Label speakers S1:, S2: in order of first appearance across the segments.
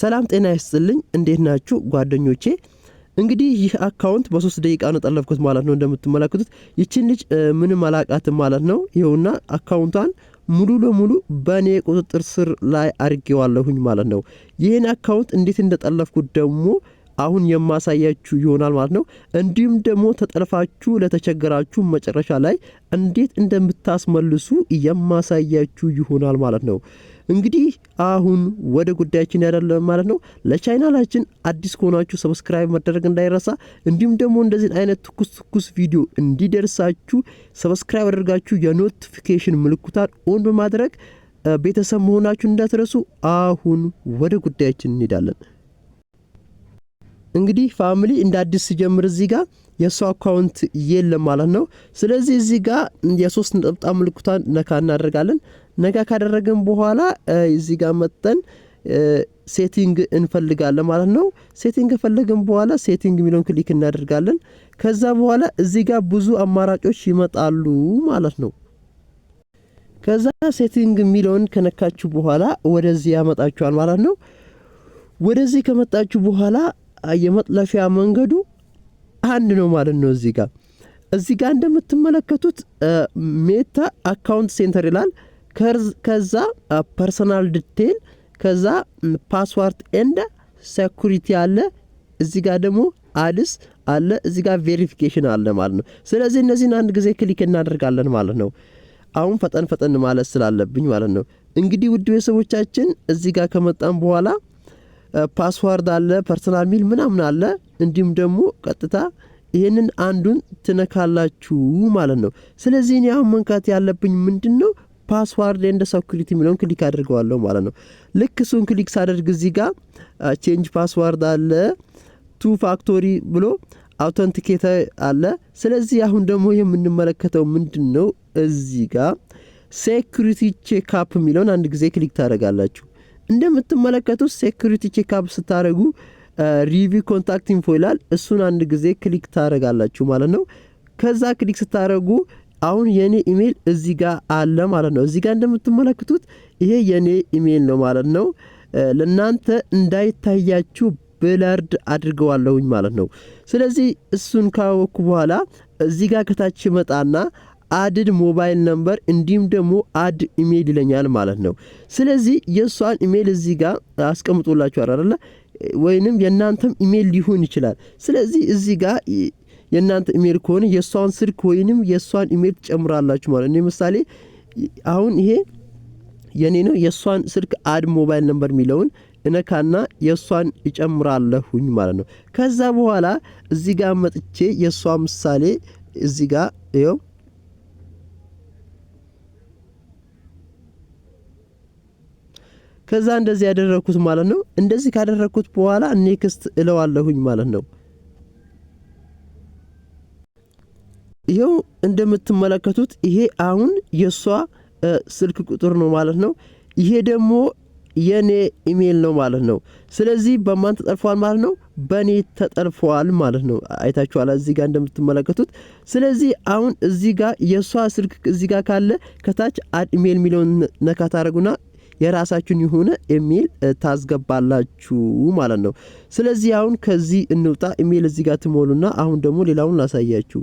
S1: ሰላም ጤና ይስጥልኝ፣ እንዴት ናችሁ ጓደኞቼ? እንግዲህ ይህ አካውንት በሶስት ደቂቃ ነው ጠለፍኩት ማለት ነው። እንደምትመለከቱት ይችን ልጅ ምንም አላቃትም ማለት ነው። ይኸውና አካውንቷን ሙሉ ለሙሉ በእኔ ቁጥጥር ስር ላይ አድርጌዋለሁኝ ማለት ነው። ይህን አካውንት እንዴት እንደጠለፍኩት ደግሞ አሁን የማሳያችሁ ይሆናል ማለት ነው። እንዲሁም ደግሞ ተጠልፋችሁ ለተቸገራችሁ መጨረሻ ላይ እንዴት እንደምታስመልሱ የማሳያችሁ ይሆናል ማለት ነው። እንግዲህ አሁን ወደ ጉዳያችን ያደለ ማለት ነው። ለቻይናላችን አዲስ ከሆናችሁ ሰብስክራይብ መደረግ እንዳይረሳ፣ እንዲሁም ደግሞ እንደዚህ አይነት ትኩስ ትኩስ ቪዲዮ እንዲደርሳችሁ ሰብስክራይብ አድርጋችሁ የኖቲፊኬሽን ምልክቷን ኦን በማድረግ ቤተሰብ መሆናችሁ እንዳትረሱ። አሁን ወደ ጉዳያችን እንሄዳለን። እንግዲህ ፋሚሊ እንደ አዲስ ሲጀምር እዚህ ጋር የእሱ አካውንት የለም ማለት ነው። ስለዚህ እዚህ ጋር የሶስት ነጠብጣብ ምልክቷን ነካ እናደርጋለን። ነጋ ካደረግን በኋላ እዚህ ጋር መጠን ሴቲንግ እንፈልጋለን ማለት ነው። ሴቲንግ ከፈለግን በኋላ ሴቲንግ የሚለውን ክሊክ እናደርጋለን። ከዛ በኋላ እዚህ ጋር ብዙ አማራጮች ይመጣሉ ማለት ነው። ከዛ ሴቲንግ የሚለውን ከነካችሁ በኋላ ወደዚህ ያመጣችኋል ማለት ነው። ወደዚህ ከመጣችሁ በኋላ የመጥለፊያ መንገዱ አንድ ነው ማለት ነው። እዚህ ጋር እዚህ ጋር እንደምትመለከቱት ሜታ አካውንት ሴንተር ይላል። ከዛ ፐርሰናል ዲቴል ከዛ ፓስዋርድ ኤንድ ሴኩሪቲ አለ። እዚ ጋር ደግሞ አድስ አለ። እዚ ጋር ቬሪፊኬሽን አለ ማለት ነው። ስለዚህ እነዚህን አንድ ጊዜ ክሊክ እናደርጋለን ማለት ነው። አሁን ፈጠን ፈጠን ማለት ስላለብኝ ማለት ነው። እንግዲህ ውድ ቤተሰቦቻችን እዚ ጋር ከመጣን በኋላ ፓስዋርድ አለ፣ ፐርሰናል ሚል ምናምን አለ። እንዲሁም ደግሞ ቀጥታ ይህንን አንዱን ትነካላችሁ ማለት ነው። ስለዚህ እኔ አሁን መንካት ያለብኝ ምንድን ነው ፓስዋርድ ኤንድ ሰኩሪቲ የሚለውን ክሊክ አድርገዋለሁ ማለት ነው። ልክ እሱን ክሊክ ሳደርግ እዚህ ጋር ቼንጅ ፓስዋርድ አለ፣ ቱ ፋክቶሪ ብሎ አውተንቲኬተ አለ። ስለዚህ አሁን ደግሞ የምንመለከተው ምንድን ነው? እዚህ ጋር ሴኩሪቲ ቼክአፕ የሚለውን አንድ ጊዜ ክሊክ ታደርጋላችሁ። እንደምትመለከቱት ሴኩሪቲ ቼክአፕ ስታደርጉ ሪቪ ኮንታክት ኢንፎ ይላል። እሱን አንድ ጊዜ ክሊክ ታደርጋላችሁ ማለት ነው። ከዛ ክሊክ ስታደርጉ አሁን የኔ ኢሜይል እዚህ ጋር አለ ማለት ነው። እዚህ ጋር እንደምትመለከቱት ይሄ የኔ ኢሜይል ነው ማለት ነው። ለእናንተ እንዳይታያችሁ ብለርድ አድርገዋለሁኝ ማለት ነው። ስለዚህ እሱን ካወቅኩ በኋላ እዚህ ጋር ከታች መጣና አድድ ሞባይል ነምበር እንዲሁም ደግሞ አድ ኢሜይል ይለኛል ማለት ነው። ስለዚህ የእሷን ኢሜይል እዚህ ጋር አስቀምጦላችኋል አይደለ? ወይንም የእናንተም ኢሜይል ሊሆን ይችላል። ስለዚህ እዚህ ጋር የእናንተ ኢሜል ከሆነ የእሷን ስልክ ወይንም የእሷን ኢሜል ትጨምራላችሁ ማለት ነው። ምሳሌ አሁን ይሄ የኔ ነው። የእሷን ስልክ አድ ሞባይል ነንበር የሚለውን እነካና የእሷን ይጨምራለሁኝ ማለት ነው። ከዛ በኋላ እዚ ጋ መጥቼ የእሷ ምሳሌ እዚ ጋ ይኸው ከዛ እንደዚህ ያደረግኩት ማለት ነው። እንደዚህ ካደረግኩት በኋላ ኔክስት እለዋለሁኝ ማለት ነው። ይኸው እንደምትመለከቱት ይሄ አሁን የእሷ ስልክ ቁጥር ነው ማለት ነው። ይሄ ደግሞ የኔ ኢሜይል ነው ማለት ነው። ስለዚህ በማን ተጠልፏል ማለት ነው? በእኔ ተጠልፏል ማለት ነው። አይታችኋል እዚህ ጋር እንደምትመለከቱት። ስለዚህ አሁን እዚህ ጋር የእሷ ስልክ እዚህ ጋር ካለ ከታች አድ ኢሜይል የሚለውን ነካ ታደረጉና የራሳችሁን የሆነ ኢሜይል ታስገባላችሁ ማለት ነው። ስለዚህ አሁን ከዚህ እንውጣ። ኢሜይል እዚህ ጋር ትሞሉና አሁን ደግሞ ሌላውን ላሳያችሁ።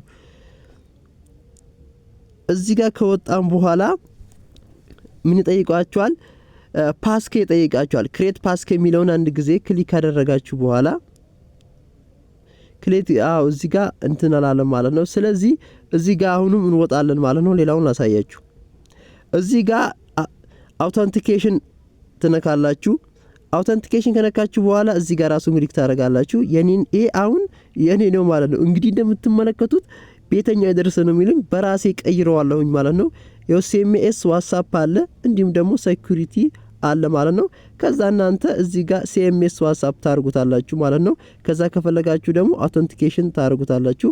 S1: እዚህ ጋር ከወጣም በኋላ ምን ይጠይቋቸዋል? ፓስኬ ይጠይቃቸዋል። ክሬት ፓስኬ የሚለውን አንድ ጊዜ ክሊክ ካደረጋችሁ በኋላ ክሌት አው እዚህ ጋር እንትን አላለም ማለት ነው። ስለዚህ እዚህ ጋር አሁንም እንወጣለን ማለት ነው። ሌላውን ላሳያችሁ። እዚህ ጋር አውተንቲኬሽን ትነካላችሁ። አውተንቲኬሽን ከነካችሁ በኋላ እዚህ ጋር ራሱ እንግዲህ ታደርጋላችሁ። የኔን ይሄ አሁን የኔ ነው ማለት ነው። እንግዲህ እንደምትመለከቱት ቤተኛ የደረሰ ነው የሚለኝ በራሴ ቀይረዋለሁኝ ማለት ነው። የኤስኤምኤስ ዋትሳፕ አለ እንዲሁም ደግሞ ሴኩሪቲ አለ ማለት ነው። ከዛ እናንተ እዚህ ጋር ሲኤምኤስ ዋትሳፕ ታርጉታላችሁ ማለት ነው። ከዛ ከፈለጋችሁ ደግሞ አውተንቲኬሽን ታርጉታላችሁ።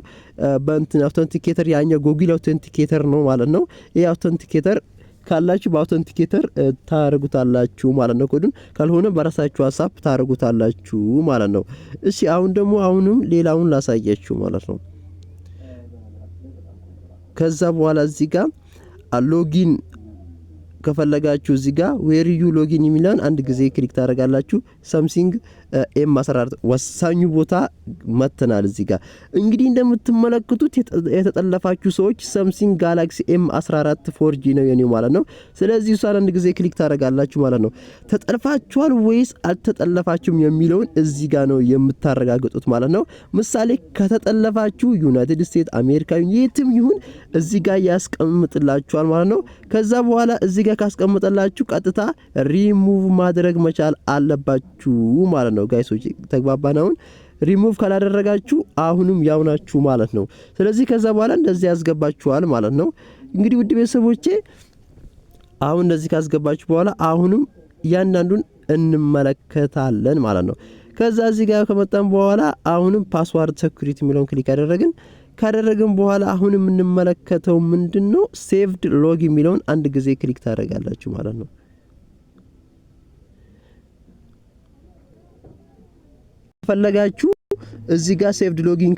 S1: በእንትን አውተንቲኬተር ያኛው ጎግል አውተንቲኬተር ነው ማለት ነው። ይህ አውተንቲኬተር ካላችሁ በአውተንቲኬተር ታደርጉታላችሁ ማለት ነው። ኮዱን ካልሆነ በራሳችሁ ሀሳብ ታደርጉታላችሁ ማለት ነው። እሺ አሁን ደግሞ አሁንም ሌላውን ላሳያችሁ ማለት ነው። ከዛ በኋላ እዚህ ጋር ሎጊን ከፈለጋችሁ እዚህ ጋር ዌር ዩ ሎጊን የሚለውን አንድ ጊዜ ክሊክ ታደርጋላችሁ። ሳምሲንግ ኤም 14 ወሳኙ ቦታ መተናል። እዚህ ጋር እንግዲህ እንደምትመለከቱት የተጠለፋችሁ ሰዎች ሳምሲንግ ጋላክሲ ኤም 14 ፎርጂ ነው የኔው ማለት ነው። ስለዚህ እሷን አንድ ጊዜ ክሊክ ታደርጋላችሁ ማለት ነው። ተጠልፋችኋል ወይስ አልተጠለፋችሁም የሚለውን እዚህ ጋር ነው የምታረጋግጡት ማለት ነው። ምሳሌ ከተጠለፋችሁ ዩናይትድ ስቴትስ አሜሪካ የትም ይሁን እዚህ ጋር ያስቀምጥላችኋል ማለት ነው። ከዛ በኋላ እዚህ ጋር ካስቀምጠላችሁ ቀጥታ ሪሙቭ ማድረግ መቻል አለባችሁ ማለት ነው። ነው ጋይሶች። ተግባባን አሁን ሪሙቭ ካላደረጋችሁ አሁንም ያው ናችሁ ማለት ነው። ስለዚህ ከዛ በኋላ እንደዚህ ያስገባችኋል ማለት ነው። እንግዲህ ውድ ቤተሰቦቼ አሁን እንደዚህ ካስገባችሁ በኋላ አሁንም እያንዳንዱን እንመለከታለን ማለት ነው። ከዛ እዚህ ጋር ከመጣን በኋላ አሁንም ፓስዋርድ ሴኩሪቲ የሚለውን ክሊክ ያደረግን ካደረግን በኋላ አሁን የምንመለከተው ምንድን ነው ሴቭድ ሎግ የሚለውን አንድ ጊዜ ክሊክ ታደረጋላችሁ ማለት ነው። ከፈለጋችሁ እዚህ ጋር ሴቭድ ሎጊን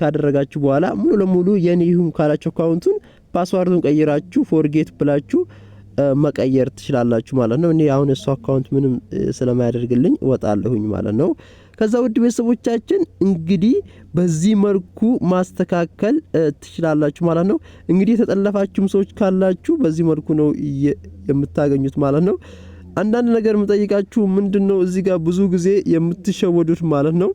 S1: ካደረጋችሁ በኋላ ሙሉ ለሙሉ የኔ ይሁን ካላችሁ አካውንቱን ፓስዋርዱን ቀይራችሁ ፎርጌት ብላችሁ መቀየር ትችላላችሁ ማለት ነው። እኔ አሁን እሱ አካውንት ምንም ስለማያደርግልኝ ወጣለሁኝ ማለት ነው። ከዛ ውድ ቤተሰቦቻችን እንግዲህ በዚህ መልኩ ማስተካከል ትችላላችሁ ማለት ነው። እንግዲህ የተጠለፋችሁም ሰዎች ካላችሁ በዚህ መልኩ ነው የምታገኙት ማለት ነው። አንዳንድ ነገር የምጠይቃችሁ ምንድን ነው እዚህ ጋር ብዙ ጊዜ የምትሸወዱት ማለት ነው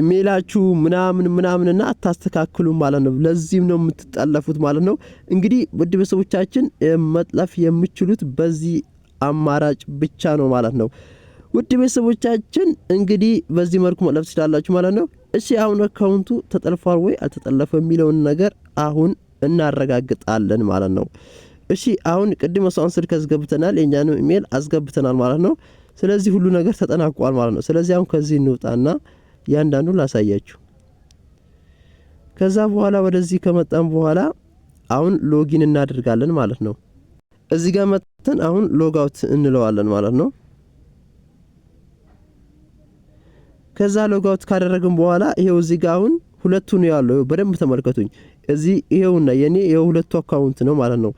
S1: ኢሜላችሁ ምናምን ምናምንና አታስተካክሉ ማለት ነው። ለዚህም ነው የምትጠለፉት ማለት ነው። እንግዲህ ውድ ቤተሰቦቻችን መጥለፍ የምችሉት በዚህ አማራጭ ብቻ ነው ማለት ነው። ውድ ቤተሰቦቻችን እንግዲህ በዚህ መልኩ መጥለፍ ትችላላችሁ ማለት ነው። እሺ አሁን አካውንቱ ተጠልፏል ወይ አልተጠለፈ የሚለውን ነገር አሁን እናረጋግጣለን ማለት ነው። እሺ አሁን ቅድም እሷን ስልክ አስገብተናል፣ የኛንም ኢሜል አስገብተናል ማለት ነው። ስለዚህ ሁሉ ነገር ተጠናቋል ማለት ነው። ስለዚህ አሁን ከዚህ እንውጣና እያንዳንዱ ላሳያችሁ። ከዛ በኋላ ወደዚህ ከመጣን በኋላ አሁን ሎጊን እናደርጋለን ማለት ነው። እዚህ ጋር መተን አሁን ሎጋውት እንለዋለን ማለት ነው። ከዛ ሎጋውት ካደረግን በኋላ ይሄው እዚህ ጋር አሁን ሁለቱ ነው ያለው። በደንብ ተመልከቱኝ። እዚህ ይሄውና የኔ የሁለቱ አካውንት ነው ማለት ነው።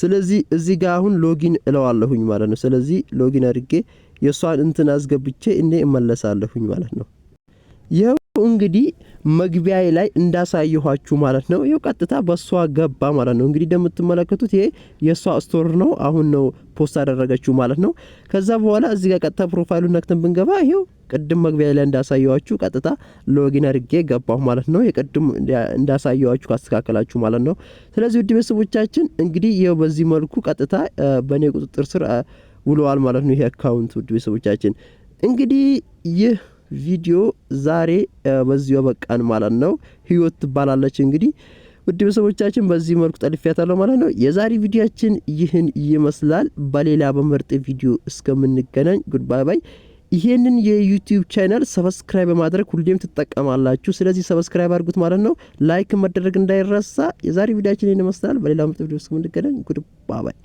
S1: ስለዚህ እዚህ ጋር አሁን ሎጊን እለዋለሁኝ ማለት ነው። ስለዚህ ሎጊን አድርጌ የእሷን እንትን አስገብቼ እኔ እመለሳለሁኝ ማለት ነው። ይኸው እንግዲህ መግቢያ ላይ እንዳሳየኋችሁ ማለት ነው። ይው ቀጥታ በእሷ ገባ ማለት ነው። እንግዲህ እንደምትመለከቱት ይሄ የእሷ ስቶር ነው። አሁን ነው ፖስት አደረገችው ማለት ነው። ከዛ በኋላ እዚህ ጋር ቀጥታ ፕሮፋይሉን ነክተን ብንገባ ይው ቅድም መግቢያ ላይ እንዳሳየዋችሁ ቀጥታ ሎጊን አድርጌ ገባሁ ማለት ነው። የቅድም እንዳሳየዋችሁ ካስተካከላችሁ ማለት ነው። ስለዚህ ውድ ቤተሰቦቻችን እንግዲህ ይው በዚህ መልኩ ቀጥታ በእኔ ቁጥጥር ስር ውለዋል ማለት ነው። ይሄ አካውንት ውድ ቤተሰቦቻችን እንግዲህ ይህ ቪዲዮ ዛሬ በዚሁ በቃን ማለት ነው። ህይወት ትባላለች እንግዲህ ውድ ቤተሰቦቻችን በዚህ መልኩ ጠልፊያታለሁ ማለት ነው። የዛሬ ቪዲዮችን ይህን ይመስላል። በሌላ በምርጥ ቪዲዮ እስከምንገናኝ ጉድባይ ባይ። ይህንን የዩቲዩብ ቻናል ሰብስክራይብ በማድረግ ሁሌም ትጠቀማላችሁ። ስለዚህ ሰብስክራይብ አድርጉት ማለት ነው። ላይክ መደረግ እንዳይረሳ። የዛሬ ቪዲዮችን ይህን ይመስላል። በሌላ ምርጥ ቪዲዮ እስከምንገናኝ ጉድባይ ባይ።